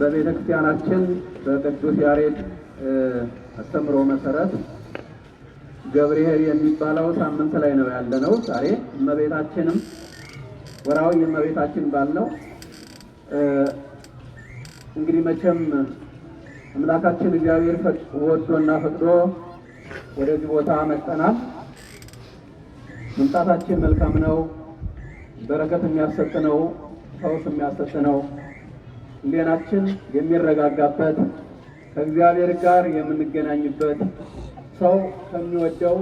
በቤተ ክርስቲያናችን በቅዱስ ያሬድ አስተምሮ መሰረት ገብርኄር የሚባለው ሳምንት ላይ ነው ያለነው። ዛሬ እመቤታችንም ወራዊ እመቤታችን ባለው እንግዲህ መቼም አምላካችን እግዚአብሔር ወዶና ፈቅዶ ወደዚህ ቦታ መጠናል። መምጣታችን መልካም ነው። በረከት የሚያሰጥ ነው። ፈውስ የሚያሰጥ ነው። ሕሊናችን የሚረጋጋበት ከእግዚአብሔር ጋር የምንገናኝበት ሰው ከሚወደው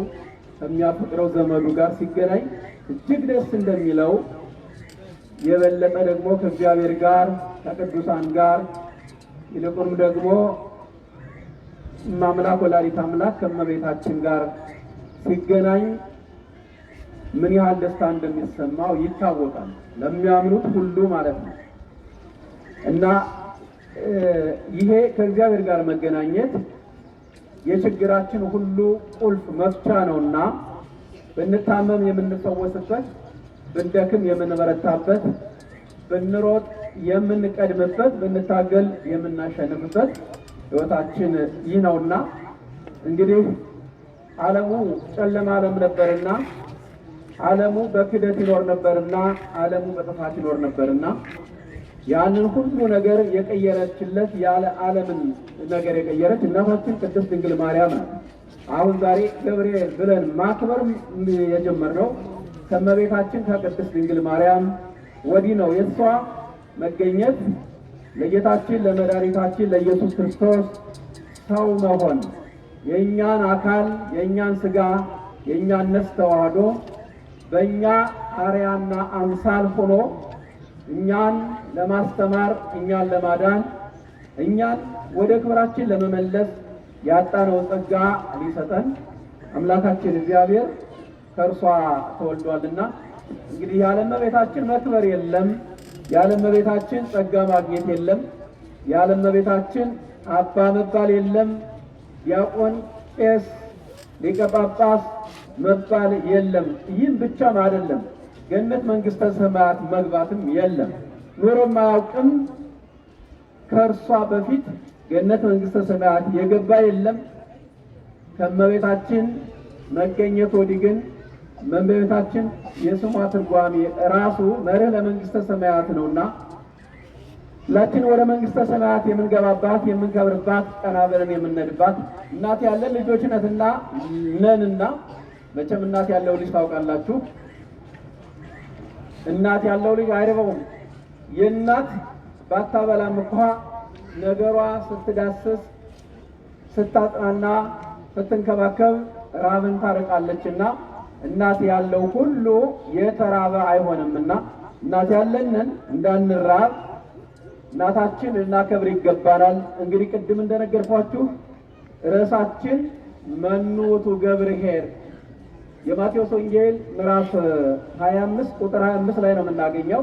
ከሚያፈቅረው ዘመዱ ጋር ሲገናኝ እጅግ ደስ እንደሚለው የበለጠ ደግሞ ከእግዚአብሔር ጋር ከቅዱሳን ጋር ይልቁንም ደግሞ እማምላክ ወላዲት አምላክ ከመቤታችን ጋር ሲገናኝ ምን ያህል ደስታ እንደሚሰማው ይታወቃል። ለሚያምኑት ሁሉ ማለት ነው። እና ይሄ ከእግዚአብሔር ጋር መገናኘት የችግራችን ሁሉ ቁልፍ መፍቻ ነውና ብንታመም የምንፈወስበት፣ ብንደክም የምንበረታበት፣ ብንሮጥ የምንቀድምበት፣ ብንታገል የምናሸንፍበት ህይወታችን ይህ ነውና እንግዲህ ዓለሙ ጨለማ ዓለም ነበርና ዓለሙ በክደት ይኖር ነበርና ዓለሙ በጥፋት ይኖር ነበርና ያንን ሁሉ ነገር የቀየረችለት ያለ ዓለምን ነገር የቀየረች እናታችን ቅድስት ድንግል ማርያም ናት። አሁን ዛሬ ገብርኤል ብለን ማክበር የጀመርነው ከመቤታችን ከቅድስት ድንግል ማርያም ወዲህ ነው። የእሷ መገኘት ለጌታችን ለመድኃኒታችን ለኢየሱስ ክርስቶስ ሰው መሆን የእኛን አካል የእኛን ስጋ የእኛን ነፍስ ተዋህዶ በእኛ አርያና አምሳል ሆኖ እኛን ለማስተማር እኛን ለማዳን እኛን ወደ ክብራችን ለመመለስ ያጣነው ጸጋ ሊሰጠን አምላካችን እግዚአብሔር ከእርሷ ተወልዷልና። እንግዲህ ያለ ቤታችን መክበር የለም፣ ያለ ቤታችን ጸጋ ማግኘት የለም፣ ያለ ቤታችን አባ መባል የለም፣ ዲያቆን፣ ቄስ፣ ሊቀ ጳጳስ መባል የለም። ይህም ብቻም አይደለም ገነት መንግሥተ ሰማያት መግባትም የለም። ኖሮም አያውቅም። ከእርሷ በፊት ገነት መንግስተ ሰማያት የገባ የለም። ከመቤታችን መገኘት ወዲህ ግን መንበቤታችን የስሟ ትርጓሜ ራሱ መርህ ለመንግስተ ሰማያት ነውና ሁላችን ወደ መንግስተ ሰማያት የምንገባባት የምንከብርባት፣ ቀና ብለን የምንሄድባት እናት ያለን ልጆች ነትና ነንና መቼም እናት ያለው ልጅ ታውቃላችሁ። እናት ያለው ልጅ አይርበውም። የእናት ባታበላም እንኳ ነገሯ ስትዳስስ ስታጥናና ስትንከባከብ ራብን ታርቃለችና እናት ያለው ሁሉ የተራበ አይሆንምና እናት ያለንን እንዳንራብ እናታችን ልናከብር ይገባናል። እንግዲህ ቅድም እንደነገርኳችሁ ርዕሳችን መኑ ገብርሄር ገብርኄር የማቴዎስ ወንጌል ምዕራፍ 25 ቁጥር 25 ላይ ነው የምናገኘው።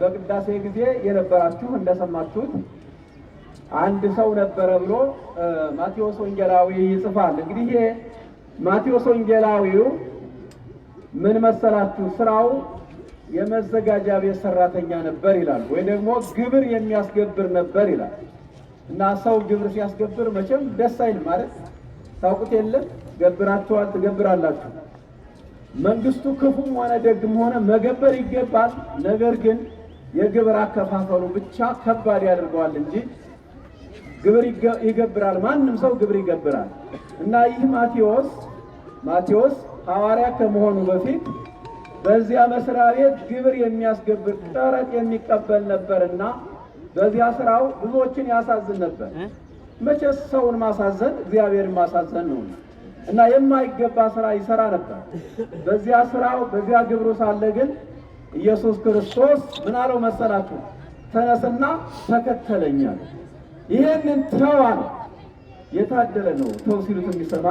በቅዳሴ ጊዜ የነበራችሁ እንደሰማችሁት አንድ ሰው ነበረ ብሎ ማቴዎስ ወንጌላዊ ይጽፋል። እንግዲህ ይሄ ማቴዎስ ወንጌላዊው ምን መሰላችሁ ስራው የመዘጋጃ ቤት ሰራተኛ ነበር ይላል፣ ወይ ደግሞ ግብር የሚያስገብር ነበር ይላል። እና ሰው ግብር ሲያስገብር መቼም ደስ አይልም ማለት ታውቁት የለም ገብራችኋል፣ ትገብራላችሁ መንግስቱ ክፉም ሆነ ደግም ሆነ መገበር ይገባል። ነገር ግን የግብር አከፋፈሉ ብቻ ከባድ ያደርገዋል እንጂ ግብር ይገብራል። ማንም ሰው ግብር ይገብራል እና ይህ ማቴዎስ ማቴዎስ ሐዋርያ ከመሆኑ በፊት በዚያ መስሪያ ቤት ግብር የሚያስገብር ቀረጥ የሚቀበል ነበርና በዚያ ስራው ብዙዎችን ያሳዝን ነበር። መቼስ ሰውን ማሳዘን እግዚአብሔርን ማሳዘን ነው። እና የማይገባ ስራ ይሰራ ነበር። በዚያ ስራው በዚያ ግብሩ ሳለ ግን ኢየሱስ ክርስቶስ ምን አለው መሰላችሁ? ተነስና ተከተለኛል። ይህንን ተው አለ። የታደለ ነው ተው ሲሉት የሚሰማ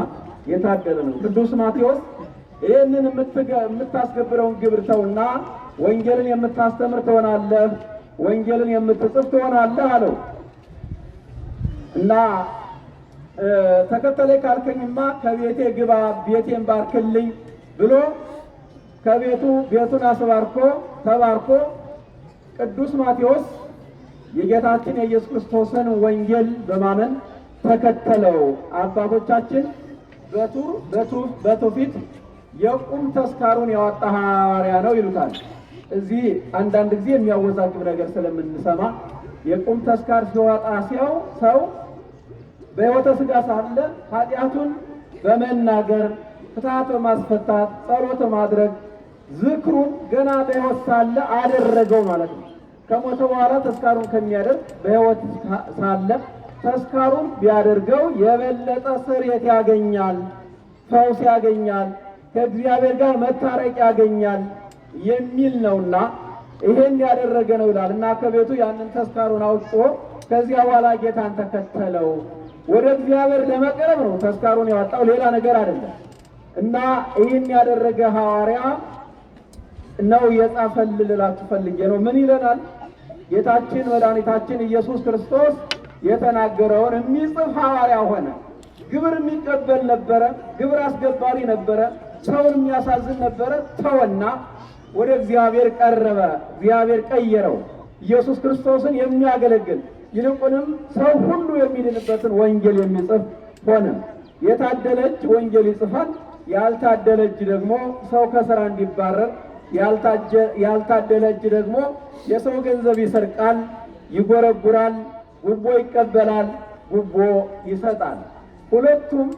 የታደለ ነው። ቅዱስ ማቴዎስ ይህንን የምታስገብረውን ግብር ተውና ወንጌልን የምታስተምር ትሆናለህ፣ ወንጌልን የምትጽፍ ትሆናለህ አለው እና ተከተለ ካልከኝማ ከቤቴ ግባ ቤቴን ባርክልኝ ብሎ ከቤቱ ቤቱን አስባርኮ ተባርኮ ቅዱስ ማቴዎስ የጌታችን የኢየሱስ ክርስቶስን ወንጌል በማመን ተከተለው። አባቶቻችን በቱር በትውፊት የቁም ተስካሩን ያወጣ ሐዋርያ ነው ይሉታል። እዚህ አንዳንድ ጊዜ የሚያወዛግብ ነገር ስለምንሰማ የቁም ተስካር ሲወጣ ሲያው ሰው በሕይወተ ሥጋ ሳለ ኃጢአቱን በመናገር ፍትሐት በማስፈታት ጸሎት በማድረግ ዝክሩን ገና በሕይወት ሳለ አደረገው ማለት ነው። ከሞተ በኋላ ተስካሩን ከሚያደርግ በሕይወት ሳለ ተስካሩን ቢያደርገው የበለጠ ስርየት ያገኛል፣ ፈውስ ያገኛል፣ ከእግዚአብሔር ጋር መታረቅ ያገኛል የሚል ነውና ይሄን ያደረገ ነው ይላል እና ከቤቱ ያንን ተስካሩን አውጥቶ ከዚያ በኋላ ጌታን ተከተለው። ወደ እግዚአብሔር ለመቅረብ ነው ተስካሩን ያወጣው፣ ሌላ ነገር አይደለም። እና ይህን ያደረገ ሐዋርያ ነው የጻፈልን ልላችሁ ፈልጌ ነው። ምን ይለናል? ጌታችን መድኃኒታችን ኢየሱስ ክርስቶስ የተናገረውን የሚጽፍ ሐዋርያ ሆነ። ግብር የሚቀበል ነበረ፣ ግብር አስገባሪ ነበረ፣ ሰውን የሚያሳዝን ነበረ። ተወና ወደ እግዚአብሔር ቀረበ። እግዚአብሔር ቀየረው። ኢየሱስ ክርስቶስን የሚያገለግል ይልቁንም ሰው ሁሉ የሚድንበትን ወንጌል የሚጽፍ ሆነ። እጅ ወንጌል ይጽፋል፣ ያልታደለ ያልታደለች ደግሞ ሰው ከሥራ እንዲባረር፣ ያልታደለ እጅ ደግሞ የሰው ገንዘብ ይሰርቃል፣ ይጎረጉራል፣ ጉቦ ይቀበላል፣ ጉቦ ይሰጣል። ሁለቱም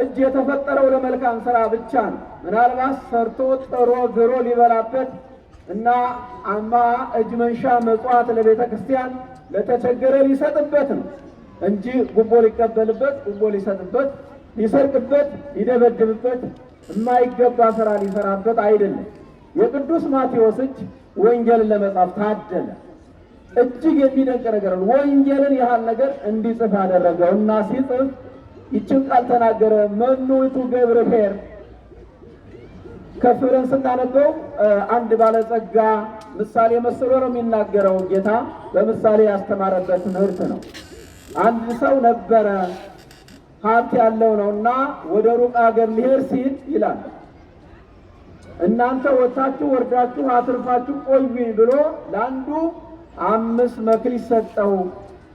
እጅ የተፈጠረው ለመልካም ሥራ ብቻ ነው። ምናልባት ሰርቶ ጥሮ ግሮ ሊበላበት እና አማ እጅ መንሻ መጽዋት ለቤተ ክርስቲያን ለተቸገረ ሊሰጥበት ነው እንጂ ጉቦ ሊቀበልበት፣ ጉቦ ሊሰጥበት፣ ሊሰርቅበት፣ ሊደበድብበት፣ የማይገባ ስራ ሊሰራበት አይደለም። የቅዱስ ማቴዎስ እጅ ወንጌልን ለመጻፍ ታደለ። እጅግ የሚደንቅ ነገር ነው። ወንጌልን ያህል ነገር እንዲጽፍ አደረገው እና ሲጽፍ ይችን ቃል ተናገረ መኑ ውእቱ ገብር ኄር ከፍ ብለን ስናነበው አንድ ባለጸጋ ምሳሌ መስሎ ነው የሚናገረው ጌታ በምሳሌ ያስተማረበት ትምህርት ነው። አንድ ሰው ነበረ ሀብት ያለው ነው እና ወደ ሩቅ አገር ሊሄድ ሲል ይላል እናንተ ወታችሁ ወርዳችሁ አትርፋችሁ ቆዩ ብሎ ለአንዱ አምስት መክሊት ሰጠው፣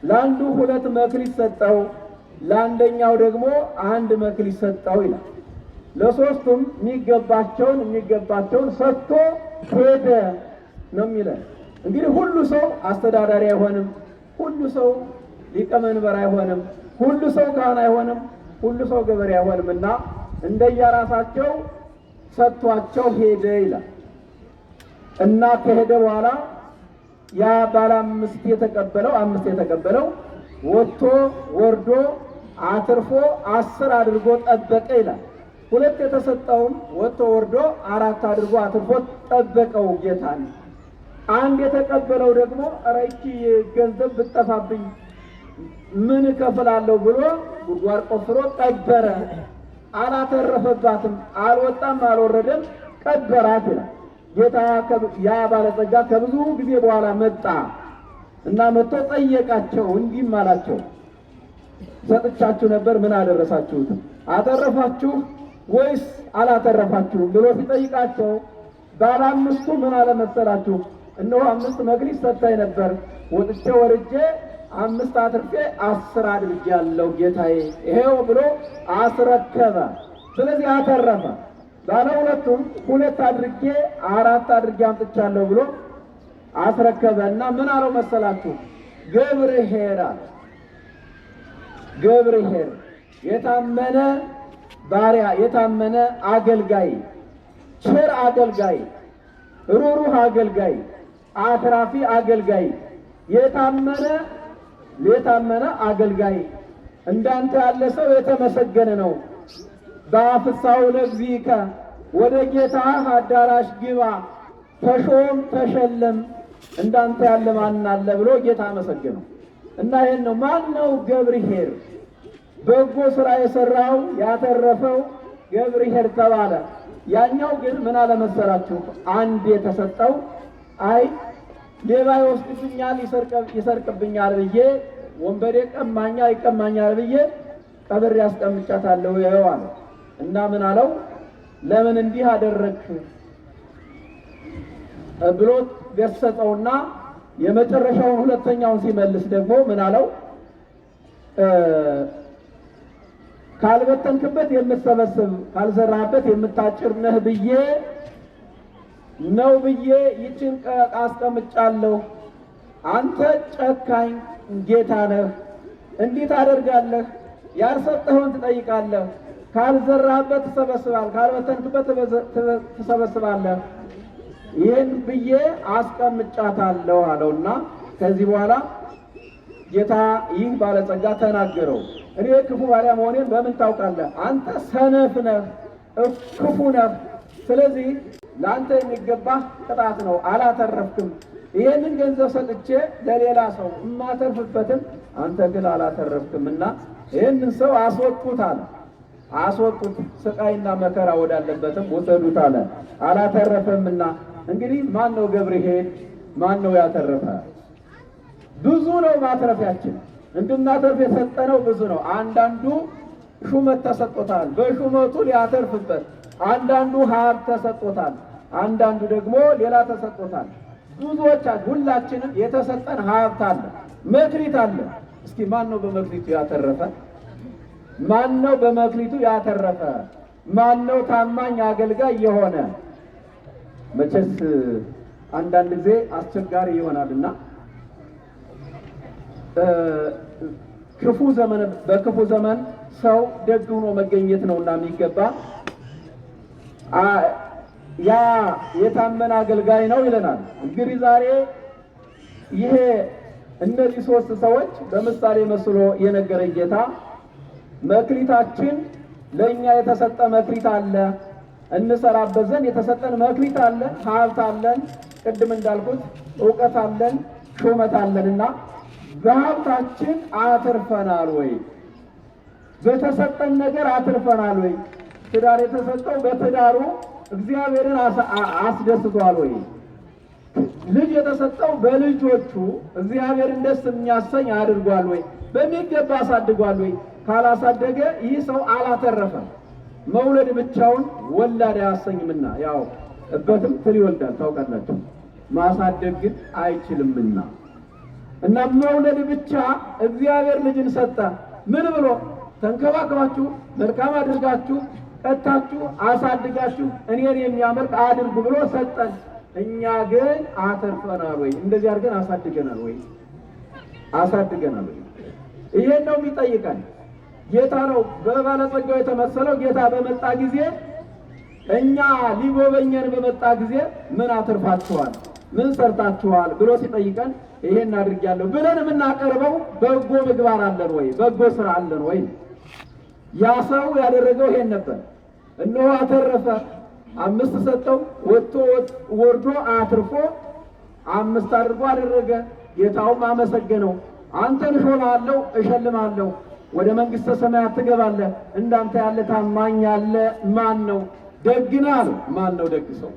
ለአንዱ ሁለት መክሊት ሰጠው፣ ለአንደኛው ደግሞ አንድ መክሊት ሰጠው ይላል። ለሶስቱም የሚገባቸውን የሚገባቸውን ሰጥቶ ሄደ ነው የሚለን። እንግዲህ ሁሉ ሰው አስተዳዳሪ አይሆንም፣ ሁሉ ሰው ሊቀመንበር አይሆንም፣ ሁሉ ሰው ካህን አይሆንም፣ ሁሉ ሰው ገበሬ አይሆንም እና እንደየራሳቸው ሰጥቷቸው ሄደ ይላል እና ከሄደ በኋላ ያ ባለ አምስት የተቀበለው አምስት የተቀበለው ወጥቶ ወርዶ አትርፎ አስር አድርጎ ጠበቀ ይላል። ሁለት የተሰጠውም ወጥቶ ወርዶ አራት አድርጎ አትርፎት ጠበቀው ጌታን። አንድ የተቀበለው ደግሞ ኧረ ገንዘብ ብጠፋብኝ ምን እከፍላለሁ ብሎ ጉድጓድ ቆፍሮ ቀበረ። አላተረፈባትም፣ አልወጣም፣ አልወረደም፣ ቀበራት ይላል ጌታ። ያ ባለጸጋ ከብዙ ጊዜ በኋላ መጣ እና መጥቶ ጠየቃቸው። እንዲህም አላቸው ሰጥቻችሁ ነበር፣ ምን አደረሳችሁት? አተረፋችሁ ወይስ አላተረፋችሁም ብሎ ሲጠይቃቸው ባለ አምስቱ ምን አለ መሰላችሁ? እነሆ አምስት መግሊት ሰጥታኝ ነበር፣ ወጥቼ ወርጄ አምስት አትርፌ አስር አድርጌያለሁ ጌታዬ፣ ይሄው ብሎ አስረከበ። ስለዚህ አተረፈ። ባለ ሁለቱም ሁለት አድርጌ አራት አድርጌ አምጥቻለሁ ብሎ አስረከበ እና ምን አለው መሰላችሁ? ግብር ሄር አለ። ግብር ሄር የታመነ ባሪያ፣ የታመነ አገልጋይ፣ ቸር አገልጋይ፣ ሩሩህ አገልጋይ፣ አትራፊ አገልጋይ፣ የታመነ የታመነ አገልጋይ እንዳንተ ያለ ሰው የተመሰገነ ነው። በአፍሳው ለግዚከ ወደ ጌታ አዳራሽ ግባ፣ ተሾም ተሸለም፣ እንዳንተ ያለ ማን አለ ብሎ ጌታ አመሰገነው እና ይህን ነው ማን ነው ገብርኄር በጎ ስራ የሰራው ያተረፈው ገብርሄር ተባለ። ያኛው ግን ምን አለ መሰላችሁ አንድ የተሰጠው አይ ሌባ ይወስድብኛል፣ ይሰርቅብኛል ብዬ ወንበዴ ቀማኛ ይቀማኛል ብዬ ቀብር ያስቀምጫታለሁ ያየው እና ምን አለው ለምን እንዲህ አደረግህ ብሎት ገሰጠውና የመጨረሻውን ሁለተኛውን ሲመልስ ደግሞ ምን አለው ካልበጠንክበት የምትሰበስብ ካልዘራበት የምታጭር ነህ ብዬ ነው ብዬ ይችን አስቀምጫለሁ። አንተ ጨካኝ ጌታ ነህ፣ እንዴት አደርጋለህ ያልሰጠኸውን ትጠይቃለህ፣ ካልዘራህበት ትሰበስባል፣ ካልበተንክበት ትሰበስባለህ። ይህን ብዬ አስቀምጫታለሁ አለውና ከዚህ በኋላ ጌታ ይህ ባለጸጋ ተናገረው። እኔ ክፉ ባሪያ መሆኔን በምን ታውቃለህ? አንተ ሰነፍ ነህ፣ ክፉ ነህ። ስለዚህ ለአንተ የሚገባ ቅጣት ነው፣ አላተረፍክም። ይህንን ገንዘብ ሰጥቼ ለሌላ ሰው እማተርፍበትም አንተ ግን አላተረፍክም እና ይህንን ሰው አስወጡታል አለ። አስወጡት፣ ስቃይና መከራ ወዳለበትም ውሰዱት አለ። አላተረፈምና እንግዲህ ማን ነው ገብርሄድ? ማን ነው ያተረፈ? ብዙ ነው ማትረፊያችን እንድናተርፍ የሰጠነው ብዙ ነው። አንዳንዱ ሹመት ተሰጥቶታል፣ በሹመቱ ሊያተርፍበት። አንዳንዱ ሀብት ተሰጥቶታል፣ አንዳንዱ ደግሞ ሌላ ተሰጥቶታል። ብዙዎቻችን ሁላችንም የተሰጠን ሀብት አለ፣ መክሊት አለ። እስኪ ማን ነው በመክሊቱ ያተረፈ? ማን ነው በመክሊቱ ያተረፈ? ማን ነው ታማኝ አገልጋይ የሆነ? መቼስ አንዳንድ ጊዜ አስቸጋሪ ይሆናልና ክፉ ዘመን በክፉ ዘመን ሰው ደግ ሆኖ መገኘት ነውና የሚገባ ያ የታመነ አገልጋይ ነው ይለናል። እንግዲህ ዛሬ ይሄ እነዚህ ሶስት ሰዎች በምሳሌ መስሎ የነገረ ጌታ መክሊታችን ለእኛ የተሰጠ መክሊት አለ፣ እንሰራበት ዘንድ የተሰጠን መክሊት አለ ሀብት አለን፣ ቅድም እንዳልኩት እውቀት አለን፣ ሹመት እና በሀብታችን አትርፈናል ወይ? በተሰጠን ነገር አትርፈናል ወይ? ትዳር የተሰጠው በትዳሩ እግዚአብሔርን አስደስቷል ወይ? ልጅ የተሰጠው በልጆቹ እግዚአብሔርን ደስ የሚያሰኝ አድርጓል ወይ? በሚገባ አሳድጓል ወይ? ካላሳደገ ይህ ሰው አላተረፈም። መውለድ ብቻውን ወላድ አያሰኝምና ያው እበትም ትል ይወልዳል ታውቃላችሁ። ማሳደግ ግን አይችልምና እና መውለድ ብቻ እግዚአብሔር ልጅን ሰጠ። ምን ብሎ ተንከባከባችሁ፣ መልካም አድርጋችሁ፣ ቀታችሁ፣ አሳድጋችሁ እኔን የሚያመልክ አድርጉ ብሎ ሰጠን። እኛ ግን አተርፈናል ወይ? እንደዚህ አድርገን አሳድገናል ወይ? አሳድገናል ወይ? ይሄን ነው የሚጠይቀን ጌታ ነው። በባለጸጋው የተመሰለው ጌታ በመጣ ጊዜ እኛ ሊጎበኘን በመጣ ጊዜ ምን አትርፋችኋል፣ ምን ሰርታችኋል ብሎ ሲጠይቀን ይሄን አድርጊያለሁ ብለን የምናቀርበው በጎ ምግባር አለን ወይ? በጎ ስራ አለን ወይ? ያ ሰው ያደረገው ይሄን ነበር። እነሆ አተረፈ፣ አምስት ሰጠው፣ ወጥቶ ወርዶ አትርፎ አምስት አድርጎ አደረገ። ጌታውም አመሰገነው። አንተን እሾምሃለሁ፣ እሸልማለሁ፣ ወደ መንግሥተ ሰማያት ትገባለህ። እንዳንተ ያለ ታማኝ ያለ ማን ነው? ደግና አለው። ማን ነው ደግ ሰው?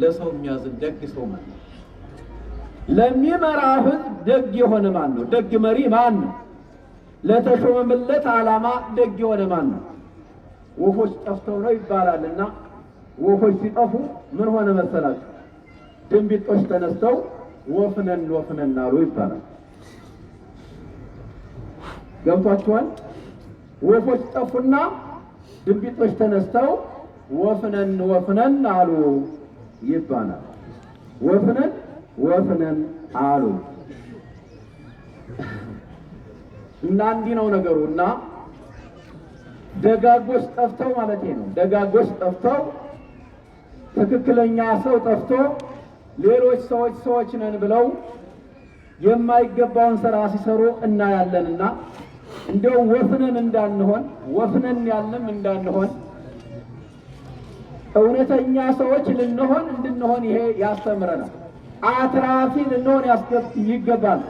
ለሰው የሚያዝን ደግ ሰው ማለት ነው። ለሚመራ ህዝብ ደግ የሆነ ማን ነው? ደግ መሪ ማን ነው? ለተሾመመለት ዓላማ ደግ የሆነ ማን ነው? ወፎች ጠፍተው ነው ይባላልና ወፎች ሲጠፉ ምን ሆነ መሰላችሁ? ድንቢጦች ተነስተው ወፍነን ወፍነን አሉ ይባላል። ገብቷችኋል? ወፎች ጠፉና ድንቢጦች ተነስተው ወፍነን ወፍነን አሉ ይባላል። ወፍነን ወፍነን አሉ እና እንዲህ ነው ነገሩ። እና ደጋጎች ጠፍተው ማለት ነው ደጋጎች ጠፍተው ትክክለኛ ሰው ጠፍቶ ሌሎች ሰዎች ሰዎች ነን ብለው የማይገባውን ስራ ሲሰሩ እናያለንና እንደው ወፍነን እንዳንሆን ወፍነን ያለም እንዳንሆን እውነተኛ ሰዎች ልንሆን እንድንሆን ይሄ ያስተምረናል። አትራፊ ልንሆን ይገባል።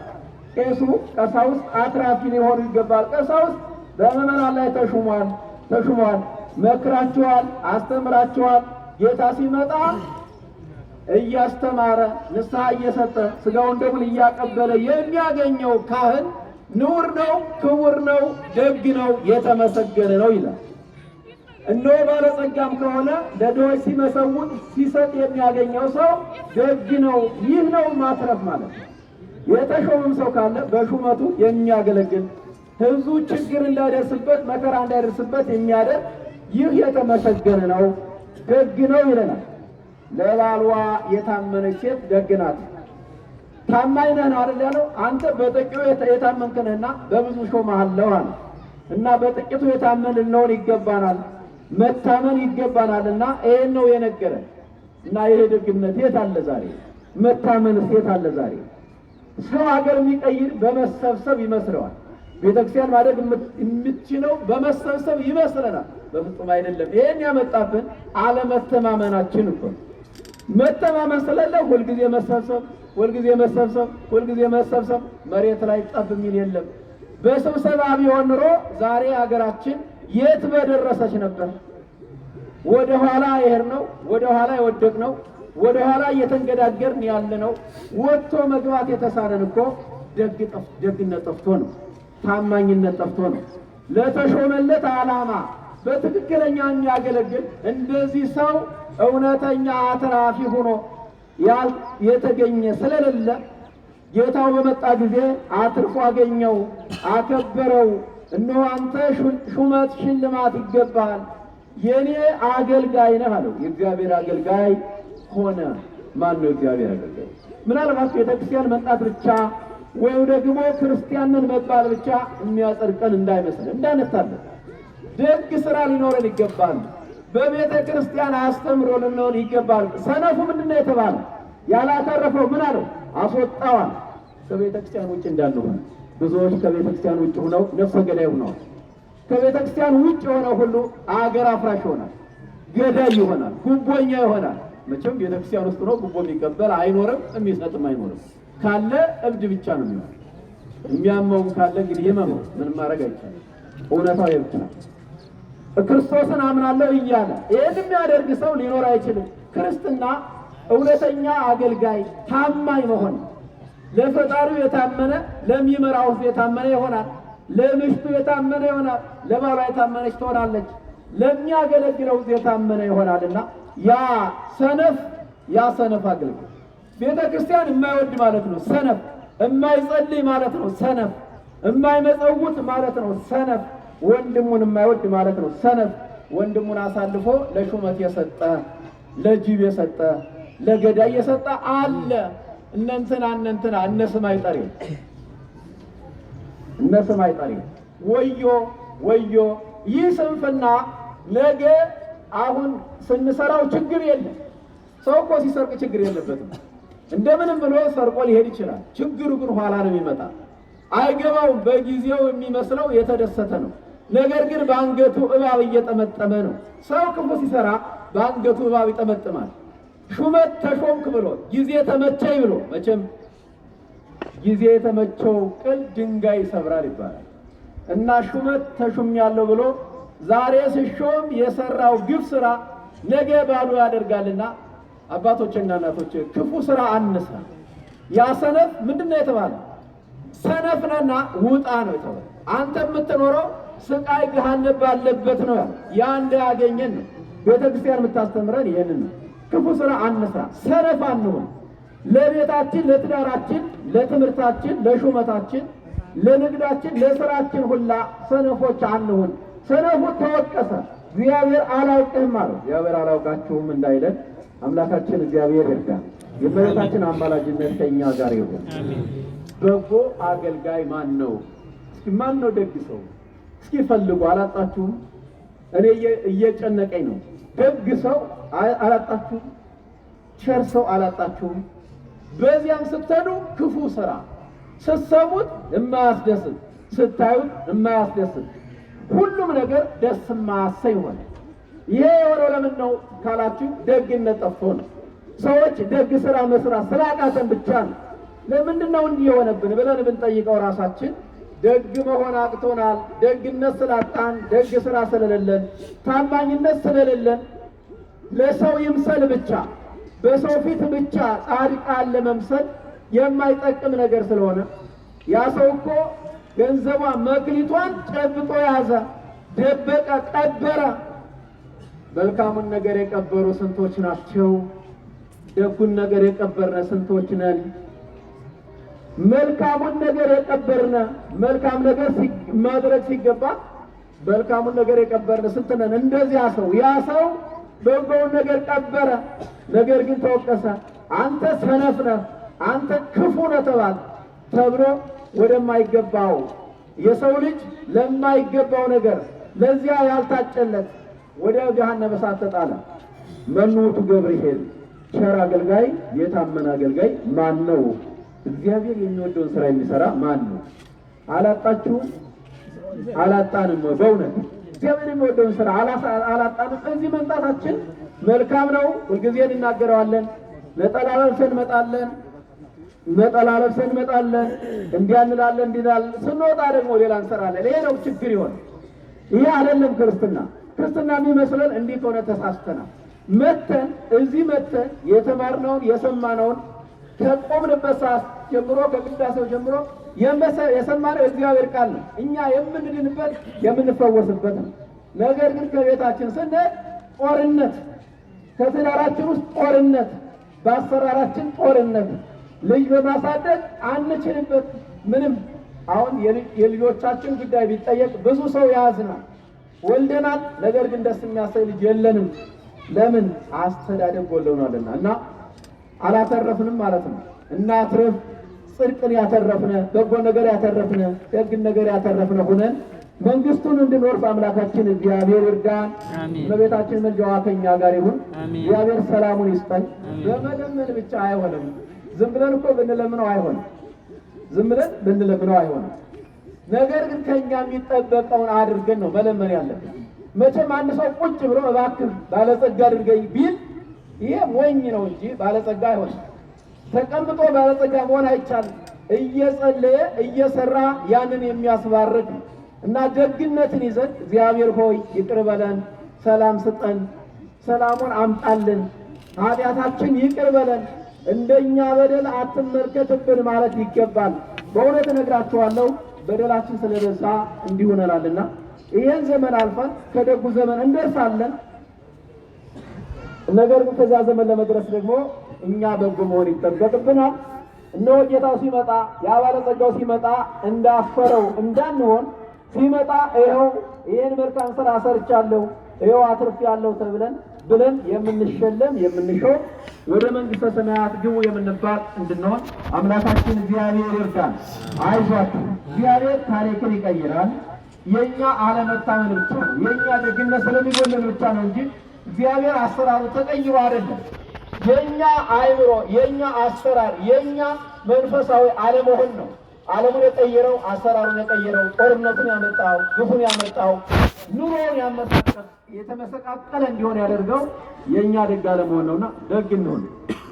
ቄሱ ቀሳውስት አትራፊ ሊሆኑ ይገባል። ቀሳውስት በምዕመናን ላይ ተሹሟል ተሹሟል። መክራችኋል፣ አስተምራችኋል። ጌታ ሲመጣ እያስተማረ ንስሐ እየሰጠ ስጋውን ደሙን እያቀበለ የሚያገኘው ካህን ንውር ነው፣ ክቡር ነው፣ ደግ ነው፣ የተመሰገነ ነው ይላል። እነሆ ባለጸጋም ከሆነ ለድሆች ሲመሰውን ሲሰጥ የሚያገኘው ሰው ደግ ነው። ይህ ነው ማትረፍ ማለት ነው። የተሾመም ሰው ካለ በሹመቱ የሚያገለግል ሕዝቡ ችግር እንዳይደርስበት መከራ እንዳይደርስበት የሚያደርግ ይህ የተመሰገነ ነው፣ ደግ ነው ይለናል። ለባልዋ የታመነች ሴት ደግ ናት። ታማኝ ነህ ነው አይደል ያለው? አንተ በጥቂቱ የታመንክንህና በብዙ ሾመሃለሁ አለ እና በጥቂቱ የታመን ልንሆን ይገባናል። መታመን ይገባናልና ይሄን ነው የነገረን። እና ይሄ ደግነት የት አለ ዛሬ? መታመንስ የት አለ ዛሬ? ሰው ሀገር የሚቀይር በመሰብሰብ ይመስለዋል። ቤተክርስቲያን ማደግ የምትችለው በመሰብሰብ ይመስለናል። በፍጹም አይደለም። ይሄን ያመጣብን አለመተማመናችን እኮ መተማመን ስለለ ሁልጊዜ መሰብሰብ፣ ሁልጊዜ መሰብሰብ፣ ሁልጊዜ መሰብሰብ። መሬት ላይ ጠብ የሚል የለም። በስብሰባ ቢሆን ኑሮ ዛሬ ሀገራችን የት በደረሰች ነበር? ወደ ኋላ ነው ወደ ኋላ ነው ወደ ኋላ እየተንገዳገርን ነው። ወጥቶ መግባት የተሳነን እኮ ደግነት ጠፍቶ ነው። ታማኝነት ጠፍቶ ነው። ለተሾመለት ዓላማ በትክክለኛ የሚያገለግል እንደዚህ ሰው እውነተኛ አትራፊ ሆኖ የተገኘ ስለሌለ ጌታው በመጣ ጊዜ አትርፎ አገኘው፣ አከበረው። እነሆ አንተ ሹመት ሽልማት ይገባሃል፣ የእኔ አገልጋይ ነህ አለው። የእግዚአብሔር አገልጋይ ሆነ። ማን ነው እግዚአብሔር አገልጋይ? ምናልባት ቤተክርስቲያን መምጣት ብቻ ወይም ደግሞ ክርስቲያንን መባል ብቻ የሚያጸድቀን እንዳይመስል እንዳነሳለን። ደግ ስራ ሊኖረን ይገባል። በቤተ ክርስቲያን አስተምሮ ልንሆን ይገባል። ሰነፉ ምንድነው የተባለ? ያላተረፈው ምን አለው? አስወጣዋል። ከቤተ ክርስቲያን ውጭ እንዳንሆን ብዙዎች ከቤተክርስቲያን ውጭ ሆነው ነፍሰ ገዳይ ሆነዋል። ከቤተክርስቲያን ውጭ የሆነ ሁሉ አገር አፍራሽ ይሆናል፣ ገዳይ ይሆናል፣ ጉቦኛ ይሆናል። መቼም ቤተክርስቲያን ውስጥ ነው ጉቦ የሚቀበል አይኖርም፣ የሚሰጥም አይኖርም። ካለ እብድ ብቻ ነው የሚሆነው። የሚያመውም ካለ እንግዲህ የመመው ምንም ማድረግ አይቻልም። እውነታው ይብቻ ክርስቶስን አምናለሁ እያለ ይህን የሚያደርግ ሰው ሊኖር አይችልም። ክርስትና እውነተኛ አገልጋይ ታማኝ መሆን ለፈጣሪው የታመነ ለሚመራው የታመነ ይሆናል። ለምሽቱ የታመነ ይሆናል። ለባሏ የታመነች ትሆናለች። ለሚያገለግለው የታመነ ይሆናልና ያ ሰነፍ ያ ሰነፍ አገልግል ቤተ ክርስቲያን የማይወድ ማለት ነው ሰነፍ፣ የማይጸልይ ማለት ነው ሰነፍ፣ የማይመጸውት ማለት ነው ሰነፍ፣ ወንድሙን የማይወድ ማለት ነው ሰነፍ፣ ወንድሙን አሳልፎ ለሹመት የሰጠ ለጅብ የሰጠ ለገዳይ የሰጠ አለ። እነንትና እነንትና እነስም አይጠሪው እነስም አይጠሪው ወዮ ወዮ። ይህ ስንፍና ነገ አሁን ስንሰራው ችግር የለም። ሰው እኮ ሲሰርቅ ችግር የለበትም። እንደምንም ብሎ ሰርቆ ሊሄድ ይችላል። ችግሩ ግን ኋላ ነው የሚመጣ። አይገባውም። በጊዜው የሚመስለው የተደሰተ ነው። ነገር ግን በአንገቱ እባብ እየጠመጠመ ነው። ሰው ክፉ ሲሰራ በአንገቱ እባብ ይጠመጥማል። ሹመት ተሾምክ ብሎ ጊዜ ተመቸኝ ብሎ መቼም ጊዜ የተመቸው ቅል ድንጋይ ይሰብራል ይባላል እና ሹመት ተሹም ያለው ብሎ ዛሬ ሲሾም የሰራው ግፍ ስራ ነገ ባሉ ያደርጋልና አባቶችና እናቶች ክፉ ስራ አንስራ። ያ ሰነፍ ምንድን ነው የተባለ? ሰነፍ ነና ውጣ ነው የተባለ። አንተ የምትኖረው ስቃይ ገሃነም ባለበት ነው። ያ እንዳያገኘን ነው የምታስተምረን ይህንን ነው። ክፉ ስራ አንስራ፣ ሰነፍ አንሁን። ለቤታችን፣ ለትዳራችን፣ ለትምህርታችን፣ ለሹመታችን፣ ለንግዳችን፣ ለስራችን ሁላ ሰነፎች አንሁን። ሰነፉ ተወቀሰ፣ እግዚአብሔር አላውቅህም አለ። እግዚአብሔር አላውቃችሁም እንዳይለን አምላካችን እግዚአብሔር ይርዳ። የእመቤታችን አማላጅነት ከእኛ ጋር ይሁን። በጎ አገልጋይ ማን ነው? እስኪ ማን ነው ደግ ሰው? እስኪ ፈልጉ። አላጣችሁም? እኔ እየጨነቀኝ ነው ደግ ሰው አላጣችሁም፣ ቸር ሰው አላጣችሁም። በዚያም ስትሄዱ ክፉ ስራ ስትሰሙት የማያስደስት ስታዩት የማያስደስት ሁሉም ነገር ደስ የማያሰኝ ይሆን። ይሄ የሆነው ለምን ነው ካላችሁ ደግነት ጠፍቶ ነው። ሰዎች ደግ ስራ መስራት ስላቃተን ብቻ ነው። ለምንድን ነው እንዲህ የሆነብን ብለን ብንጠይቀው ራሳችን ደግ መሆን አቅቶናል። ደግነት ስላጣን፣ ደግ ስራ ስለሌለን፣ ታማኝነት ስለሌለን ለሰው ይምሰል ብቻ በሰው ፊት ብቻ ጻድቃን ለመምሰል የማይጠቅም ነገር ስለሆነ ያ ሰው እኮ ገንዘቧ መክሊቷን ጨብጦ ያዘ፣ ደበቀ፣ ቀበረ። መልካሙን ነገር የቀበሩ ስንቶች ናቸው? ደጉን ነገር የቀበርነ ስንቶች ነን? መልካሙን ነገር የቀበርነ መልካም ነገር ማድረግ ሲገባ መልካሙን ነገር የቀበርነ ስንት ነን? እንደዚያ ሰው ያ ሰው በጎውን ነገር ቀበረ፣ ነገር ግን ተወቀሰ። አንተ ሰነፍ ነህ፣ አንተ ክፉ ነህ ተባለ ተብሎ ወደማይገባው የሰው ልጅ ለማይገባው ነገር ለዚያ ያልታጨለት ወደ ገሃነመ እሳት ተጣለ። መኑ ውእቱ ገብር ቸር አገልጋይ፣ የታመነ አገልጋይ ማን ነው? እግዚአብሔር የሚወደውን ስራ የሚሰራ ማን ነው? አላጣችሁም? አላጣንም። በእውነት እግዚአብሔር የሚወደውን ስራ አላጣንም። እዚህ መምጣታችን መልካም ነው። ሁልጊዜ እንናገረዋለን። ነጠላ ለብሰን እንመጣለን፣ ነጠላ ለብሰን እንመጣለን። እንዲያ እንላለን፣ እንዲላል ስንወጣ ደግሞ ሌላ እንሰራለን። ይሄ ነው ችግር ይሆን። ይሄ አይደለም ክርስትና። ክርስትና የሚመስለን እንዲህ ከሆነ ተሳስተናል። መተን እዚህ መተን የተማርነውን የሰማነውን ከቆምንበት ሰዓት ጀምሮ ከቅዳሴው ጀምሮ የሰማነው እግዚአብሔር ቃል ነው። እኛ የምንድንበት የምንፈወስበት ነው። ነገር ግን ከቤታችን ስነ ጦርነት፣ ከትዳራችን ውስጥ ጦርነት፣ በአሰራራችን ጦርነት፣ ልጅ በማሳደግ አንችልበት ምንም አሁን የልጆቻችን ጉዳይ ቢጠየቅ ብዙ ሰው ያዝናል። ወልደናል፣ ነገር ግን ደስ የሚያሰኝ ልጅ የለንም። ለምን? አስተዳደግ ጎድሎናልና እና አላተረፍንም ማለት ነው። እናትርፍ ጽድቅን ያተረፍነ በጎ ነገር ያተረፍነ ደግን ነገር ያተረፍነ ሁነን መንግስቱን እንድኖር አምላካችን እግዚአብሔር እርዳን። በቤታችን ምልጃዋ ከኛ ጋር ይሁን። እግዚአብሔር ሰላሙን ይስጠን። በመለመን ብቻ አይሆንም። ዝም ብለን እኮ ብንለምነው አይሆንም። ዝም ብለን ብንለምነው አይሆንም። ነገር ግን ከኛ የሚጠበቀውን አድርገን ነው መለመን ያለብን። መቼም አንድ ሰው ቁጭ ብሎ እባክህ ባለጸጋ አድርገኝ ቢል ይህ ሞኝ ነው እንጂ ባለጸጋ አይሆንም። ተቀምጦ ባለጸጋ መሆን አይቻልም። እየጸለየ እየሰራ ያንን የሚያስባርክ እና ደግነትን ይዘን እግዚአብሔር ሆይ ይቅር በለን፣ ሰላም ስጠን፣ ሰላሙን አምጣልን፣ ኃጢአታችን ይቅር በለን፣ እንደኛ በደል አትመልከትብን ማለት ይገባል። በእውነት እነግራችኋለሁ በደላችን ስለበዛ እንዲሁ ይህን ዘመን አልፈን ከደጉ ዘመን እንደርሳለን። ነገር ግን ከዚያ ዘመን ለመድረስ ደግሞ እኛ በጎ መሆን ይጠበቅብናል። እነሆ ጌታው ሲመጣ የባለጸጋው ሲመጣ እንዳፈረው እንዳንሆን ሲመጣ ይኸው ይህን መልካም ስራ ሰርቻለሁ፣ ይኸው አትርፌያለሁ ተብለን ብለን የምንሸለም የምንሾው ወደ መንግሥተ ሰማያት ግቡ የምንባል እንድንሆን አምላካችን እግዚአብሔር ይርዳል። አይዟችሁ፣ እግዚአብሔር ታሪክን ይቀይራል። የእኛ አለመታመን ብቻ ነው፣ የእኛ ደግነት ስለሚጎለን ብቻ ነው እንጂ እግዚአብሔር አሰራሩ ተቀይሮ አይደለም። የኛ አእምሮ፣ የኛ አሰራር፣ የኛ መንፈሳዊ አለመሆን ነው ዓለሙን የቀየረው አሰራሩን የቀየረው ጦርነቱን ያመጣው ግፉን ያመጣው ኑሮውን ያመሳቀል የተመሰቃቀለ እንዲሆን ያደርገው የእኛ ደግ አለመሆን ነውና ደግ እንሆን።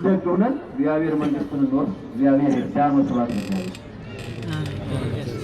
ደግ ሆነን እግዚአብሔር መንግስቱን እንወርስ። እግዚአብሔር ዳኖ ስባት ነው።